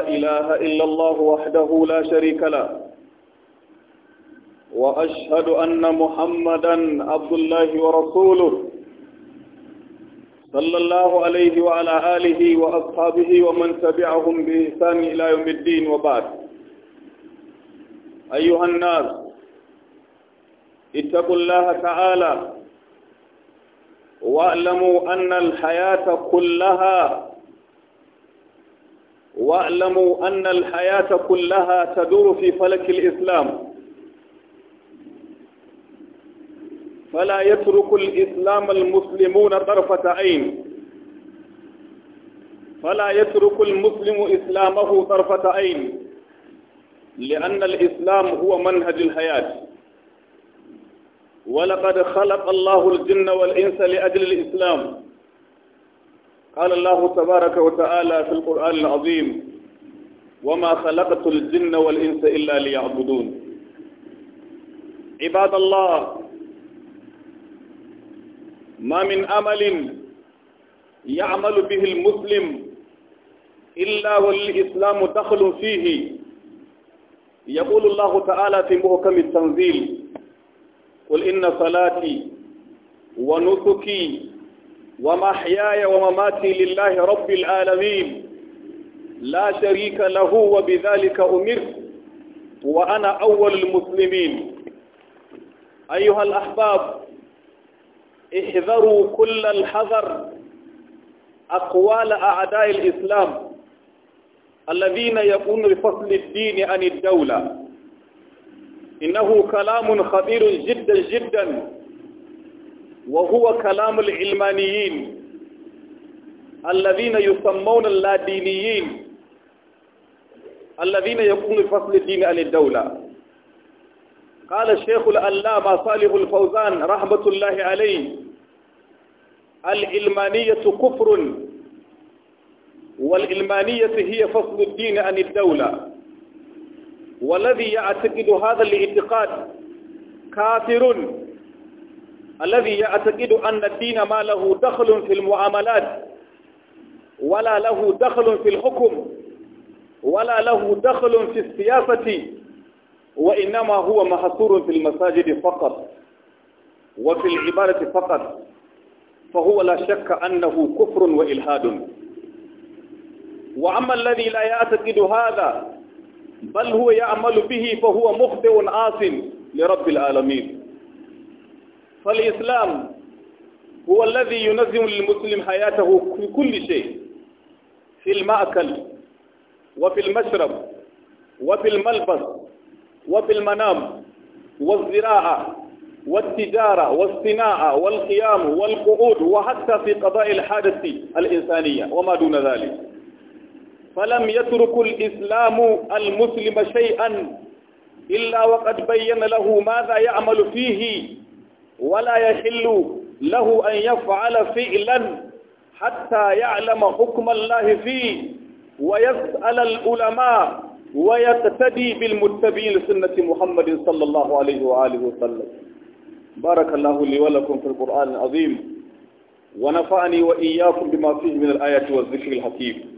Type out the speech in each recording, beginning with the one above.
لا إله إلا الله وحده لا شريك له وأشهد أن محمدا عبد الله ورسوله صلى الله عليه وعلى آله وأصحابه ومن تبعهم بإحسان إلى يوم الدين وبعد أيها الناس اتقوا الله تعالى واعلموا أن الحياة كلها واعلموا أن الحياة كلها تدور في فلك الإسلام فلا يترك الإسلام المسلمون طرفة عين فلا يترك المسلم إسلامه طرفة عين لأن الإسلام هو منهج الحياة ولقد خلق الله الجن والإنس لأجل الإسلام قال الله تبارك وتعالى في القرآن العظيم وما خلقت الجن والإنس إلا ليعبدون عباد الله ما من أمل يعمل به المسلم إلا والإسلام دخل فيه يقول الله تعالى في محكم التنزيل قل إن صلاتي ونسكي ومحياي ومماتي لله رب العالمين لا شريك له وبذلك أمرت وأنا أول المسلمين أيها الأحباب احذروا كل الحذر أقوال أعداء الإسلام الذين يكون لفصل الدين عن الدولة إنه كلام خبير جدا جدا وهو كلام العلمانيين الذين يسمون اللادينيين الذين يقومون فصل الدين عن الدولة قال الشيخ الألامة صالح الفوزان رحمة الله عليه العلمانية كفر والعلمانية هي فصل الدين عن الدولة والذي يعتقد هذا الاعتقاد كافر الذي يعتقد أن الدين ما له دخل في المعاملات ولا له دخل في الحكم ولا له دخل في السياسة وإنما هو محصور في المساجد فقط وفي العبادة فقط فهو لا شك أنه كفر وإلهاد وأما الذي لا يعتقد هذا بل هو يعمل به فهو مخطئ عاصم لرب العالمين فالإسلام هو الذي ينظم للمسلم حياته في كل شيء في المأكل وفي المشرب وفي الملبس وفي المنام والزراعة والتجارة والصناعة والقيام والقعود وحتى في قضاء الحاجة الإنسانية وما دون ذلك فلم يترك الإسلام المسلم شيئا إلا وقد بين له ماذا يعمل فيه ولا يحل له أن يفعل فعلا حتى يعلم حكم الله فيه ويسأل العلماء ويقتدي بالمتبعين لسنة محمد صلى الله عليه وآله وسلم بارك الله لي ولكم في القرآن العظيم ونفعني وإياكم بما فيه من الآيات والذكر الحكيم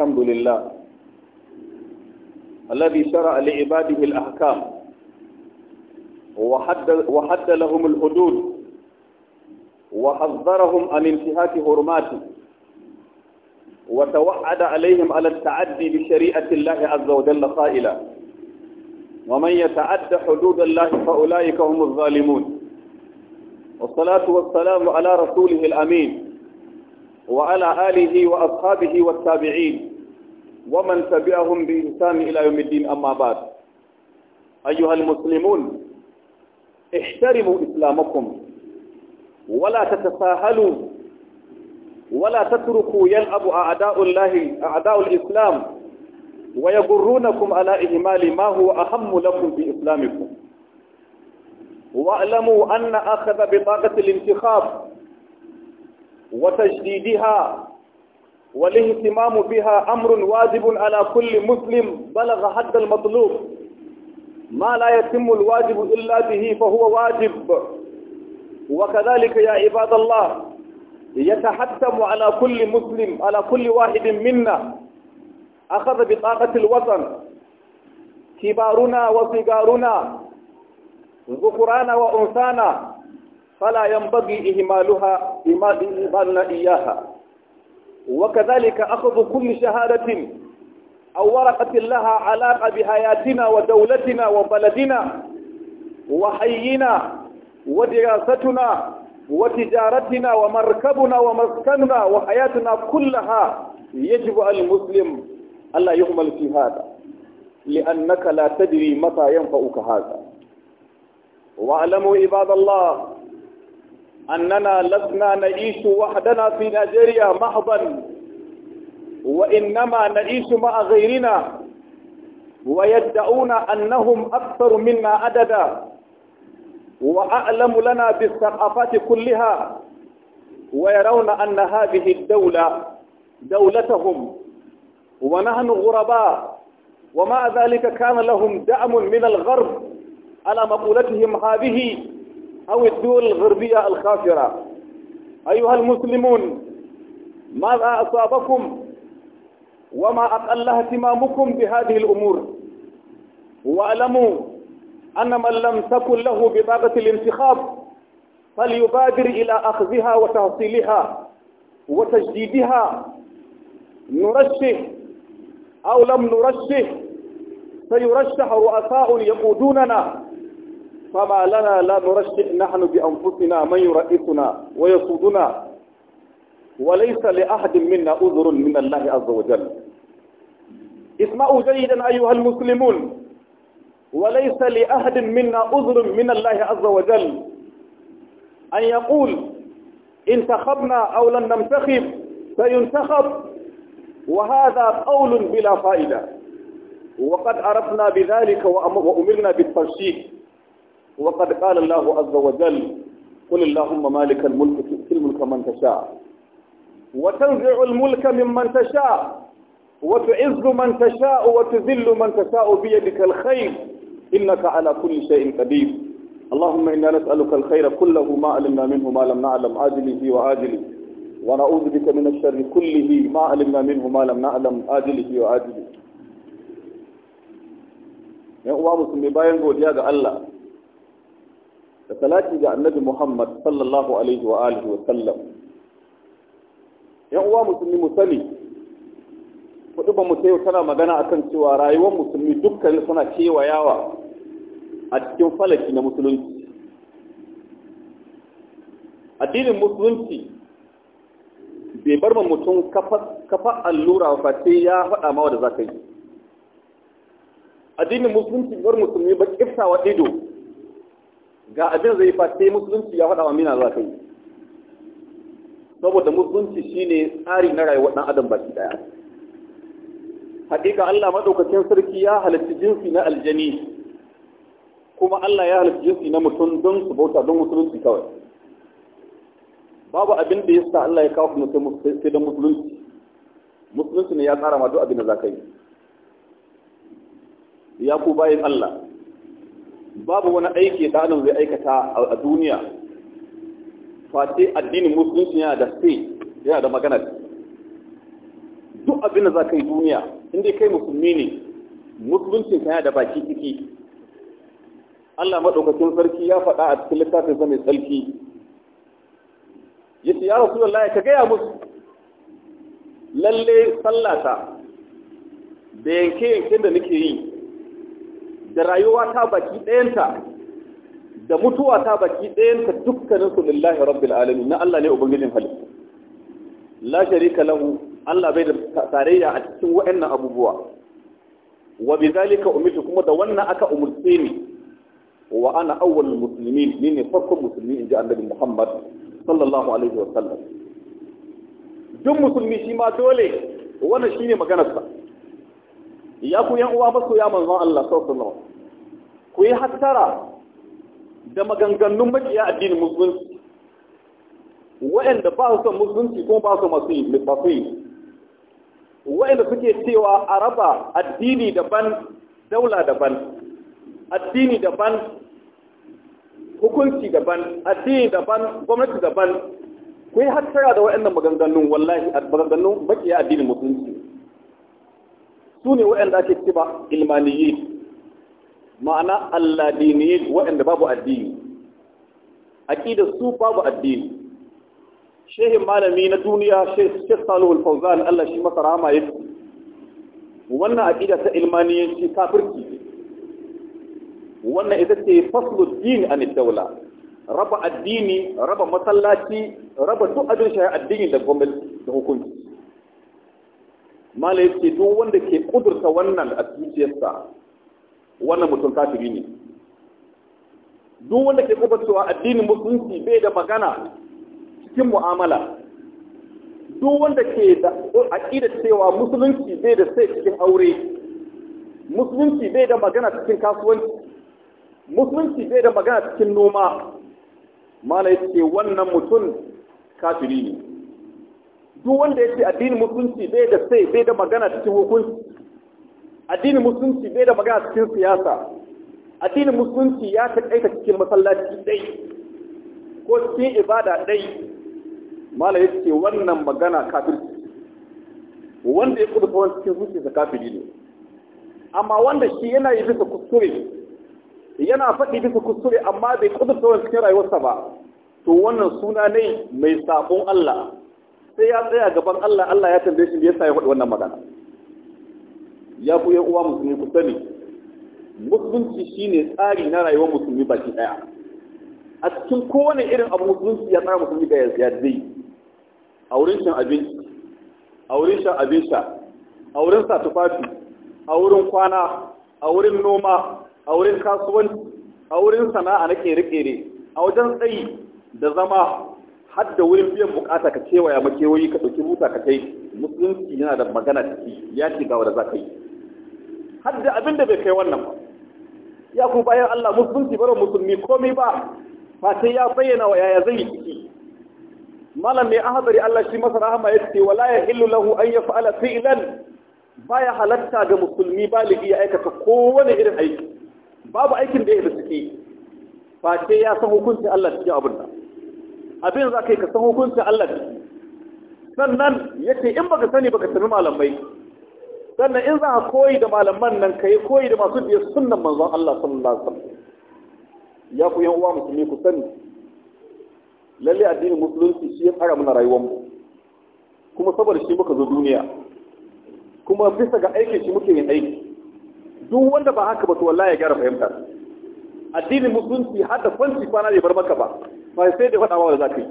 الحمد لله الذي شرع لعباده الأحكام وحد, وحد لهم الحدود وحذرهم عن انتهاك حرماته وتوعد عليهم على التعدي بشريعة الله عز وجل قائلا ومن يتعد حدود الله فأولئك هم الظالمون والصلاة والسلام على رسوله الأمين وعلى آله وأصحابه والتابعين ومن تبعهم بإنسان إلى يوم الدين أما بعد أيها المسلمون احترموا إسلامكم ولا تتساهلوا ولا تتركوا يلعب أعداء الله أعداء الإسلام ويجرونكم على إهمال ما هو أهم لكم في إسلامكم واعلموا أن أخذ بطاقة الانتخاب وتجديدها والاهتمام بها أمر واجب على كل مسلم بلغ حد المطلوب ما لا يتم الواجب إلا به فهو واجب وكذلك يا عباد الله يتحتم على كل مسلم على كل واحد منا أخذ بطاقة الوطن كبارنا وصغارنا ذكرانا وأنثانا فلا ينبغي إهمالها إهمالنا إياها وكذلك أخذ كل شهادة أو ورقة لها علاقة بحياتنا ودولتنا وبلدنا وحينا ودراستنا وتجارتنا ومركبنا ومسكننا وحياتنا كلها يجب المسلم ألا يهمل في هذا لأنك لا تدري متى ينفعك هذا واعلموا عباد الله أننا لسنا نعيش وحدنا في نيجيريا محضا وإنما نعيش مع غيرنا ويدعون أنهم أكثر منا عددا وأعلم لنا بالثقافات كلها ويرون أن هذه الدولة دولتهم ونحن غرباء ومع ذلك كان لهم دعم من الغرب على مقولتهم هذه أو الدول الغربية الخافرة أيها المسلمون ماذا أصابكم وما أقل اهتمامكم بهذه الأمور واعلموا أن من لم تكن له بطاقة الانتخاب فليبادر إلى أخذها وتحصيلها وتجديدها نرشه أو لم نرشه سيرشح رؤساء يقودوننا فما لنا لا نرشح نحن بأنفسنا من يرئيسنا ويسودنا وليس لأحد منا أذر من الله عز وجل اسمعوا جيدا أيها المسلمون وليس لأحد منا أذر من الله عز وجل أن يقول انتخبنا أو لن ننتخب فينتخب وهذا قول بلا فائدة وقد عرفنا بذلك وأمرنا بالترشيد وقد قال الله عز وجل قل اللهم مالك الملك تؤتي الملك من تشاء وتنزع الملك ممن تشاء وتعز من تشاء وتذل من تشاء بيدك الخير إنك على كل شيء قدير اللهم إنا نسألك الخير كله ما علمنا منه ما لم نعلم عاجله وعاجله ونعوذ بك من الشر كله ما علمنا منه ما لم نعلم عاجله وعاجله يا أبو سمي باين قول الله da salati ga annabi Muhammad sallallahu alaihi wa alihi wa sallam yan uwa musulmi mu sani kudu ba mu sai tana magana akan cewa rayuwar musulmi dukkan suna kewayawa a cikin falaki na musulunci addinin musulunci bai bar ma mutum kafa allura ba sai ya faɗa mawa da za ka yi addinin musulunci bar musulmi ba kiftawa ido ga abin zai fa sai musulunci ya faɗa wa mina za ka yi saboda musulunci shine tsari na rayuwar ɗan adam baki ɗaya hakika Allah maɗaukacin sarki ya halarci jinsi na aljani kuma Allah ya halarci jinsi na mutum don su bauta don musulunci kawai babu abin da ya sa Allah ya kawo kuma sai don musulunci musulunci ne ya tsara ma duk abin da za ka yi ya ku bayin Allah babu wani aiki da adam zai aikata a duniya Fati addinin musulunci yana da sai yana da magana duk abin da za ka yi duniya inda kai musulmi ne musuluncin yana da baki ciki Allah maɗaukakin sarki ya faɗa a cikin littafin sa mai ya ce ya rasulullahi ka gaya musu lalle sallata da yanke yanke da nake yi da rayuwa ta baki ɗayanta da mutuwa ta baki ɗayanta dukkanin su lillahi rabbil alamin na Allah ne ubangijin halittu la sharika lahu Allah bai da tarayya a cikin waɗannan abubuwa wa bizalika umirtu kuma da wannan aka umurce ni wa ana awwalul muslimin ni ne farkon musulmi inji annabi Muhammad sallallahu alaihi wa sallam duk musulmi shi ma dole wannan shine maganarsa ya ku yan uwa ba ku ya manzon Allah sallallahu ku yi hattara da maganganun makiya addinin musulunci waɗanda ba su son musulunci kuma ba su masu yi ba su yi waɗanda suke cewa a raba addini daban daula daban addini daban hukunci daban addini daban gwamnati daban ku yi hattara da waɗannan maganganun wallahi maganganun makiya addinin musulunci su ne waɗanda ake ciba ilmaniyi ma'ana alladiniyi waɗanda babu addini aƙida su babu addini shehin malami na duniya shekh salihul fauzan Allah shi masa rahama yake wannan aƙida ta ilmaniyanci kafirci kafirki. wannan ita ce faslu din an daula raba addini raba masallaci raba duk abin shari'a addini da gwamnati da hukunci malai ce duk wanda ke kudurta wannan a zuciyarsa wannan mutum kafiri ne duk wanda ke kubarcewa addinin musulunci bai da magana cikin mu'amala duk wanda ke da aƙida cewa musulunci bai da sai cikin aure musulunci bai da magana cikin kasuwanci musulunci bai da magana cikin noma malai ce wannan mutum kafiri ne duk wanda ya ce addinin musulunci bai da sai bai da magana cikin hukunci addinin musulunci bai da magana cikin siyasa addinin musulunci ya taƙaita cikin masallaci dai ko cikin ibada dai malam ya ce wannan magana kafirci wanda ya kudufa wani cikin da kafiri ne amma wanda shi yana yi bisa kuskure yana faɗi bisa kuskure amma bai kudufa wani cikin rayuwarsa ba to wannan suna ne mai sabon Allah sai ya tsaya gaban Allah Allah ya tambaye shi me yasa ya faɗi wannan magana ya ku ya uwa musulmi ku sani musulunci shine tsari na rayuwar musulmi baki daya a cikin kowane irin abu musulunci ya tsara musulmi da ya zai a wurin shan abinci a wurin shan abin sha a wurin sa tufafi a wurin kwana a wurin noma a wurin kasuwanci a wurin sana'a na kere-kere a wajen tsayi da zama har da wurin biyan bukata ka kewaya makewayi ka ɗauki ruta ka kai musulunci yana da magana ciki ya ci ga wanda za ka yi har da abin da bai kai wannan ba ya ku bayan Allah musulunci bara musulmi komai ba ba sai ya bayyana wa yaya zai yi ciki malam mai ahadari Allah shi masa rahama ya ce wala ya hillu lahu an yaf'ala fi'lan baya halatta ga musulmi baligi ya aikata kowane irin aiki babu aikin da ya da suke ba sai ya san hukuncin Allah cikin abin nan abin za ka yi ka san hukuncin Allah sannan ya ce in baka sani baka sami malamai sannan in za a koyi da malaman nan ka yi koyi da masu biya sunan manzon Allah sallallahu alaihi ya ku uwa musulmi ku sani lalle addinin musulunci shi ya tsara mana rayuwar mu kuma saboda shi muka zo duniya kuma bisa ga aikin shi muke yin aiki duk wanda ba haka ba to wallahi ya gyara fahimta addinin musulunci har da kwanci kwana bai bar maka ba ba sai da faɗawa wa za ka yi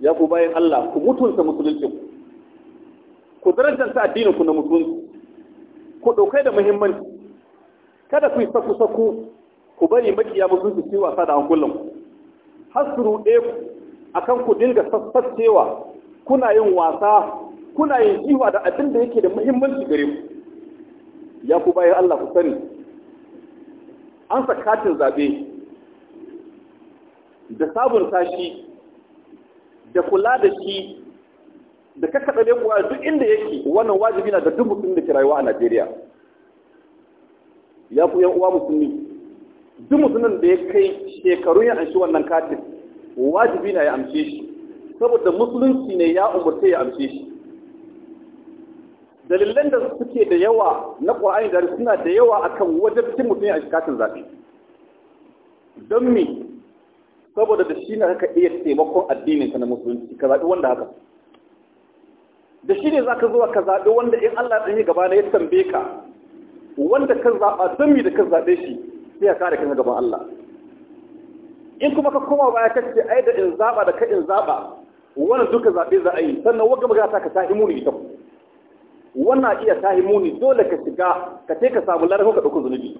ya ku bayan Allah ku mutunta musulunci ku darajanta addinin ku na musulunci ku ɗaukai da muhimmanci kada ku yi saku-saku ku bari makiya musulunci su wasa da hankulan ku har su a ku akan ku dinga sassacewa kuna yin wasa kuna yin jiwa da abin da yake da muhimmanci gare ku ya ku bayan Allah ku sani an sakatin zaɓe da sabunta shi da kula da shi da kakkaɗa ne kuwa duk inda yake wannan wajibi na da duk mutum da ke rayuwa a najeriya ya ku yan uwa musulmi duk mutumin da ya kai shekaru ya amshi wannan katin wajibi na ya amshe shi saboda musulunci ne ya umarce ya amshe shi dalilan da suke da yawa na ƙwa'ani da suna da yawa akan wajabcin mutum a shikacin zaɓe don mi saboda da shi na haka iya taimakon addinin ka na musulunci ka zaɓi wanda haka da shi ne za ka zuwa ka zaɓi wanda in Allah ɗanyi gaba na ya tambaye ka wanda ka zaɓa don mi da ka zaɓe shi sai ka kare kan gaban Allah in kuma ka koma baya ka ce ai da in zaɓa da ka in zaɓa wannan duka zaɓe za a yi sannan wanda magana ta ka sa imuni ita ku wannan iya tahi muni dole ka shiga ka ce ka samu larafin ka zunubi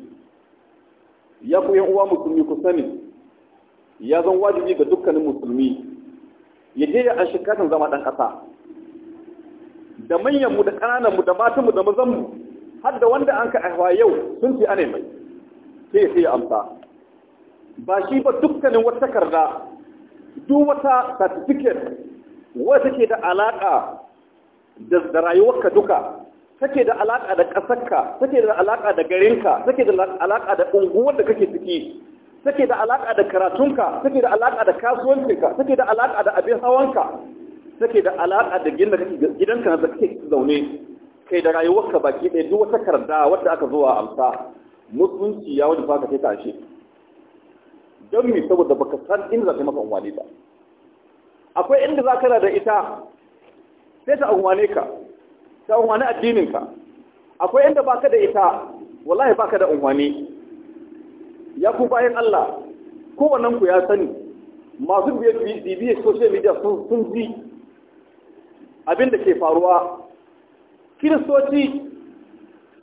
ya ku uwa musulmi ku sani ya zan wajibi ga dukkanin musulmi ya je ya an katin zama ɗan ƙasa da manyanmu da ƙanananmu da matanmu da mazanmu har da wanda an ka aihuwa yau sun ce ana mai sai sai ya amsa ba shi ba dukkanin wata karda duk wata satifiket wata ke da alaƙa da rayuwarka duka take da alaƙa da ƙasarka take da alaƙa da garinka take da alaƙa da unguwar da kake ciki take da alaƙa da karatunka take da alaƙa da kasuwancinka take da alaƙa da abin hawanka take da alaƙa da gidanka da kake zaune kai da rayuwarka baki ɗaya duk wata karda wadda aka zo a amsa mutunci ya wani baka kai tashe don mi saboda baka san inda za ka maka unwani ba akwai inda za ka da ita sai ta unwane ka ta unwane addinin ka akwai inda baka da ita wallahi baka da unwane ya ku bayan Allah ko wannan ku ya sani masu biye social media sun ji abin da ke faruwa kiristoci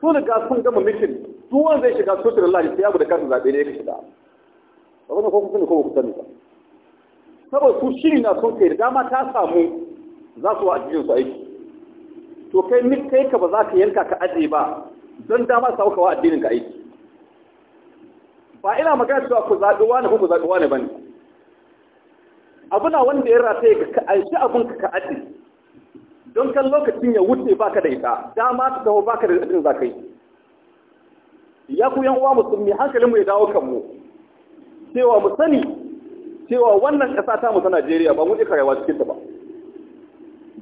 sun ga sun gama mitin wanda zai shiga social media sai ya da kansa zaɓe ne ya shiga ba ko kun sani ko ku sani ba saboda su shiri na sun kai da dama ta samu za su wa addinin su aiki to kai mit kai ka ba za ka yanka ka aje ba don dama su sauka wa addinin ka aiki ba ina magana cewa ku zaɓi wani ko ku zaɓi wani bane abuna wanda ya rataye ka aishi abun ka ka aje don kan lokacin ya wuce baka da ita dama ta taho baka da addinin za ka yi ya ku yan uwa musulmi hankalin mu ya dawo kan mu cewa mu sani cewa wannan ƙasa ta mu ta Najeriya ba mu ji karewa cikin ta ba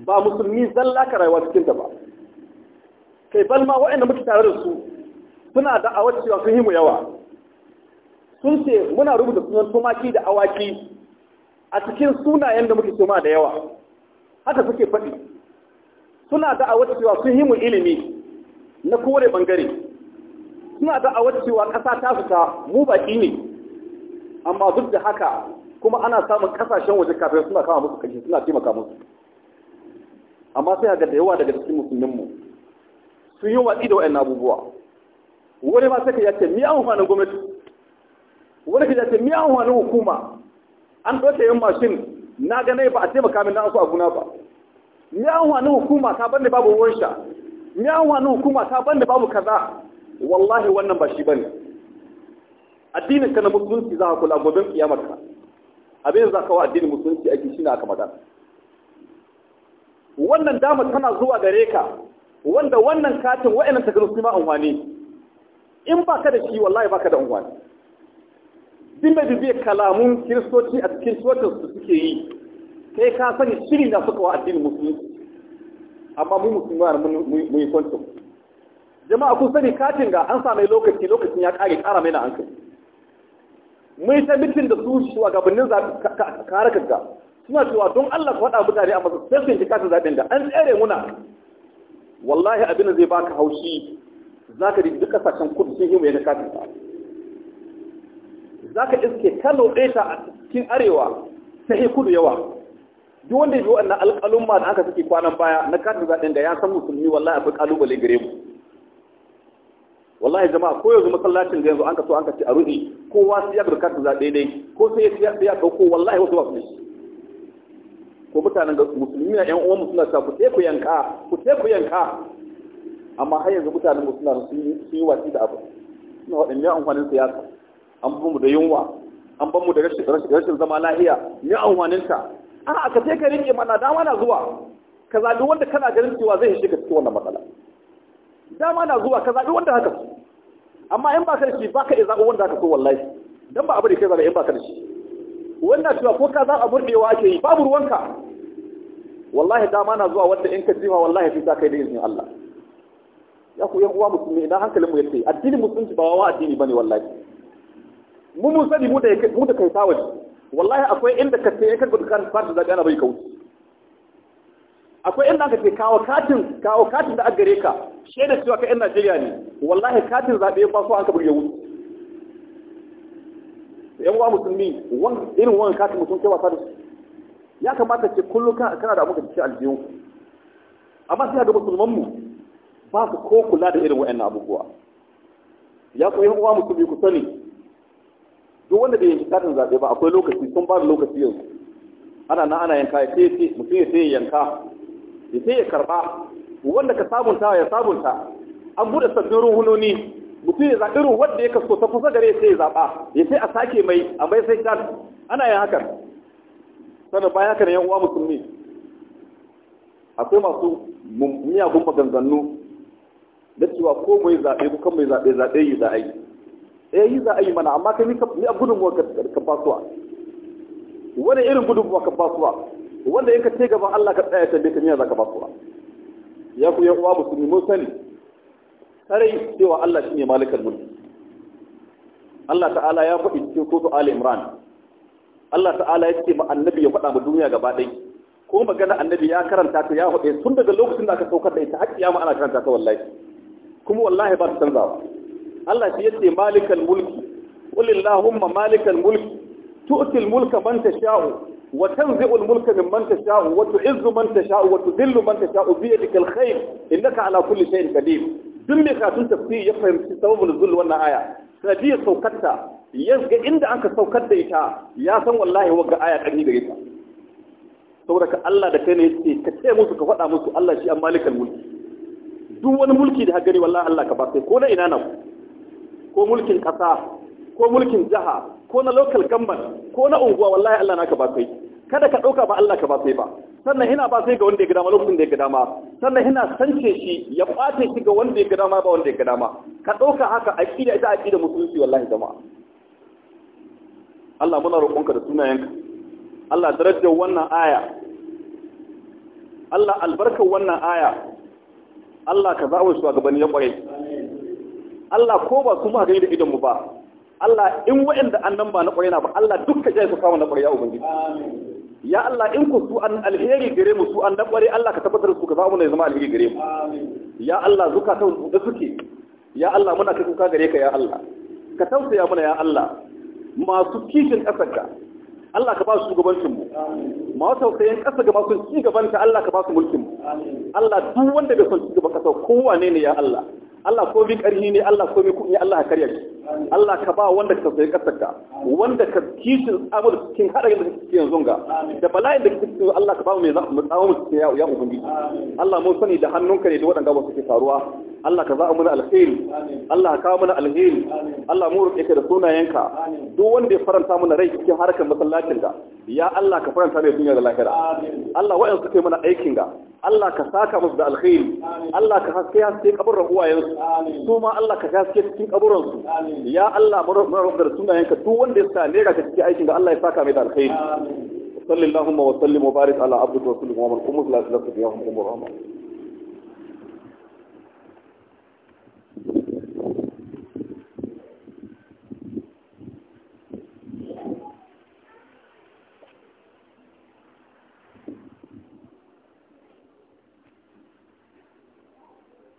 ba musulmi zalla ka rayuwa cikin ta ba kai balma waɗanda muke tare da su suna da awaci cewa sun yi mu yawa sun ce muna rubuta sunan tumaki da awaki a cikin sunayen da muke tuma da yawa haka suke faɗi suna da awaci cewa sun yi mu ilimi na kore bangare suna da awaci cewa ƙasa ta fita mu baƙi ne amma duk da haka kuma ana samun ƙasashen waje kafin suna kama musu kashi suna taimaka musu amma sai ga da yawa daga cikin musulminmu sun yi watsi da wa'annan abubuwa wani ma sai ka yace mi amfanin gwamnati wani ka yace mi amfanin hukuma an ɗauke yin mashin na ganai ba a taimaka min na a guna ba mi amfanin hukuma ta banda babu ruwan sha mi amfanin hukuma ta banda babu kaza wallahi wannan ba shi bane addinin ka na musulunci za ka kula gobe kiyamarka ka abin za ka wa addinin musulunci ake shi ne aka magana wannan damar tana zuwa gare ka wanda wannan katin wa'annan takardu su ma amfani in ba ka da shi wallahi ba ka da amfani din da bibiyar kalamun kiristoci a cikin cocin su suke yi sai ka sani shiri na suka wa addinin musulunci amma mu musulmi mu yi kwanto. jama'a kun sani katin ga an sami lokaci lokacin ya kare kara mai na hankali mun yi ta mitin da su shugabannin kare kaga suna cewa don Allah ku faɗa mutane a masu sai sun kasa zaɓen da an tsere muna wallahi abin da zai baka haushi za ka duk kasashen kudu sun yi mai na kafin za ka iske kano ɗaya a cikin arewa ta yi kudu yawa duk wanda yi wa'annan alƙalumma da aka saki kwanan baya na kafin zaɓen da ya san musulmi wallahi akwai ƙalubale gare mu wallahi jama'a ko yanzu masallacin da yanzu an ka so an ka ci a ruhi kowa sai ya bi kafin zaɗe dai ko sai ya ɗauko wallahi wasu ba su ne ko mutanen ga musulmi na yan uwan mu suna ta ku sai ku yanka ku sai ku yanka amma har yanzu mutanen mu suna sun yi wasi da abu suna waɗanne amfanin siyasa an bu mu da yunwa an ban mu da rashin zama lahiya ne ta a aka sai ka rike mana dama na zuwa ka zaɓi wanda kana ganin cewa zai shiga cikin wannan matsala dama na zuwa ka zaɓi wanda haka amma in ba ka da shi ba ka iya zaɓi wanda haka so wallahi dan ba abu da kai zaɓi in ba ka da shi wannan cewa ko ka za a wa ake yi babu ruwanka wallahi dama na zuwa wanda in ka jima wallahi fi za kai da izinin Allah ya ku yan uwa musulmi idan hankalin mu ya addini musulunci ba wa addini bane wallahi mu mun sani mu da mu da kai tawali wallahi akwai inda ka tsaye ka gudu kan fara da gana bai kawo akwai inda ka tsaye kawo katin kawo katin da aka gare ka shaidar cewa ka yan Najeriya ne wallahi katin zabe ba so an ka burge wuce yan uwa musulmi irin wani katin mutum kai wasa da su ya kamata ce kullum kana da abu da cikin amma sai ga musulmanmu ba su ko kula da irin wa'annan abubuwa ya ku yan uwa musulmi ku sani duk wanda bai yanki katin zaɓe ba akwai lokaci sun ba da lokaci yanzu ana na ana yanka ya sai mutum ya sai yanka ya sai ya karba wanda ka sabunta ya sabunta an bude sabbin ruhunoni mutum ya zaɓi irin wanda ya kasko ta kusa gare sai ya zaɓa ya sai a sake mai a mai sai shan ana yin hakan sannan bayan haka ne yan uwa musulmi akwai masu miyagun maganganu da cewa ko mai zaɓe ko kan mai zaɓe zaɓe yi za a yi eh yi za a yi mana amma kai ni a gudunmuwa ka basuwa wani irin gudunmuwa ka basuwa wanda in ka ce gaban Allah ka tsaya tambaye ka miya za ka basuwa ya ku yan uwa musulmi mun sani sarai cewa Allah shi ne malikal mulki Allah ta'ala ya faɗi cikin kotu Ali Imran Allah ta'ala ya ce ma annabi ya faɗa ma duniya gaba ɗai ko magana annabi ya karanta ta ya faɗe tun daga lokacin da aka saukar da ita har kiyama ana karanta ta wallahi kuma wallahi ba ta ba. Allah shi ce malikal mulki qul illahumma malikal mulki tu'ti al mulka man tasha'u wa tanzi'u al mulka mimman tasha'u wa tu'izzu man tasha'u wa tudhillu man tasha'u bi yadika al khayr innaka ala kulli shay'in qadir duk mai karatun tafsiri ya fahimci sababul nuzul wannan aya ya saukarta ya ga inda ka saukar da ita ya san wallahi wagga aya yi gare ta saboda ka Allah da kai ne yace ka ce musu ka faɗa musu Allah shi an malikal mulki duk wani mulki da gani wallahi Allah ka ba sai ko na ina nan ko mulkin ƙasa ko mulkin jaha ko na local government ko na unguwa wallahi Allah naka ba sai kada ka ɗauka ba Allah ka ba sai ba sannan ina ba sai ga wanda ya ga dama lokacin da ya ga dama sannan ina sance shi ya ɓace shi ga wanda ya ga dama ba wanda ya ga dama ka ɗauka haka aƙida ita aƙida musulunci wallahi jama'a Allah muna roƙonka da sunayenka Allah darajar wannan aya Allah albarkar wannan aya Allah ka zawo shugabanni ya ƙware Allah ko ba su ma gani da idan mu ba Allah in wa'anda annan ba na ƙware na ba Allah dukkan jai su kama na ƙware ya ubangiji amin ya Allah in ku su an alheri gare mu su an dabbare Allah ka tabbatar su ka samu ne zama alheri gare mu ya Allah zuka ta da suke ya Allah muna kai kuka gare ka ya Allah ka tausaya mana ya Allah masu kishin kasarka Allah ka ba su shugabancin mu masu tausayin kasa ga masu ci gaban Allah ka ba su mulkin mu Allah duk wanda bai son ci gaban kasa kowa ne ne ya Allah Allah ko bi karhi ne Allah ko bi kuɗi Allah ka karya shi Allah ka ba wanda ka sai kasarka wanda ka kishin amur cikin hada da kake yanzu ga da bala'in da kake cikin Allah ka ba mu mai tsawo mu cikin ya ubangiji Allah mun sani da hannunka ne da waɗanda ba suke faruwa Allah ka za mu alheri Allah ka kawo mana alheri Allah mu roƙe ka da sunayenka duk wanda ya faranta mana rai cikin harkar masallacin ga ya Allah ka faranta mai dunya da lahira Allah wa'in suke mana aikin ga Allah ka saka musu da alheri Allah ka haske haske kaburin uwayensu su ma Allah ka haske cikin kaburansu ya Allah marokar sunayenka duk wanda ya sa lera ka cikin aikin da Allah ya saka mai da alkhairi sallallahu wa sallim wa barik ala abdika wa rasulika wa man qumtu la ilaha illa anta